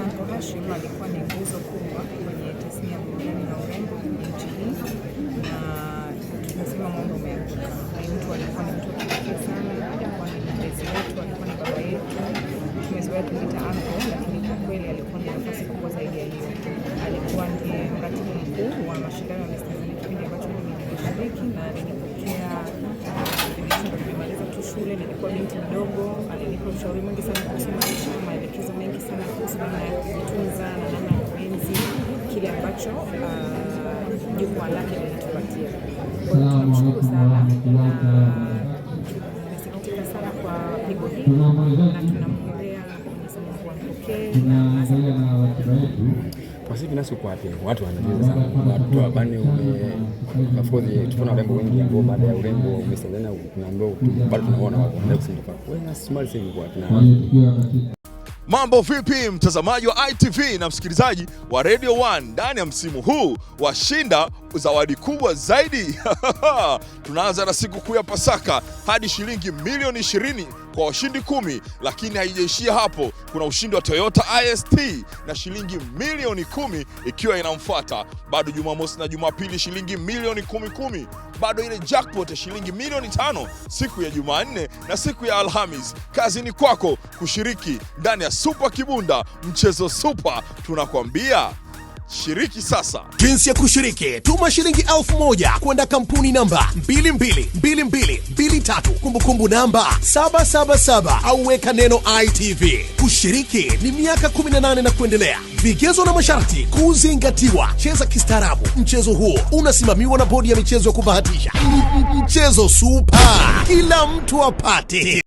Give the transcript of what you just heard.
Sambo Hashim alikuwa ni nguzo kubwa kwenye tasnia ya burudani na urembo kwenye nchi hii, na tunasema mambo mengi. mtu alikuwa ni mtu wa kipekee sana, alikuwa ni mlezi wetu, alikuwa ni baba yetu, tumezoea kumwita anko, lakini kwa kweli alikuwa na nafasi kubwa zaidi ya hiyo. Alikuwa ndiye mratibu mkuu wa mashindano ya Miss Tanzania, kipindi ambacho mimi nilishiriki na nilipokea uh, vimaliza tu shule, nilikuwa binti mdogo, alinipa ushauri mwingi sana kuhusu maisha ambacho uh, jukwaa lake limetupatia. Tunamshukuru sana, tumesikitika sana kwa pigo hili na tunamwombea Mwenyezi Mungu ampokee Wasifi nasi uko wapi? Watu wanajua watu wa ume tuna warembo wengi ambao baada ya urembo umesendana, kuna ambao bado tunaona wako ndio wewe na smart sasa uko wapi Mambo vipi, mtazamaji wa ITV na msikilizaji wa Radio 1 ndani ya msimu huu wa Shinda zawadi kubwa zaidi. Tunaanza na siku kuu ya Pasaka hadi shilingi milioni 20 kwa washindi kumi, lakini haijaishia hapo. Kuna ushindi wa Toyota IST na shilingi milioni kumi ikiwa inamfuata. Bado Jumamosi na Jumapili shilingi milioni kumi kumi, bado ile jackpot ya shilingi milioni tano siku ya Jumanne na siku ya Alhamis. Kazi ni kwako kushiriki ndani ya Super Kibunda, mchezo Super tunakwambia. Shiriki sasa. Jinsi ya kushiriki: tuma shilingi elfu moja kwenda kampuni namba 222223 kumbukumbu namba 777 au weka neno ITV. Kushiriki ni miaka 18 na kuendelea. Vigezo na masharti kuzingatiwa. Cheza kistaarabu. Mchezo huo unasimamiwa na Bodi ya Michezo ya Kubahatisha. Mchezo super, kila mtu apate.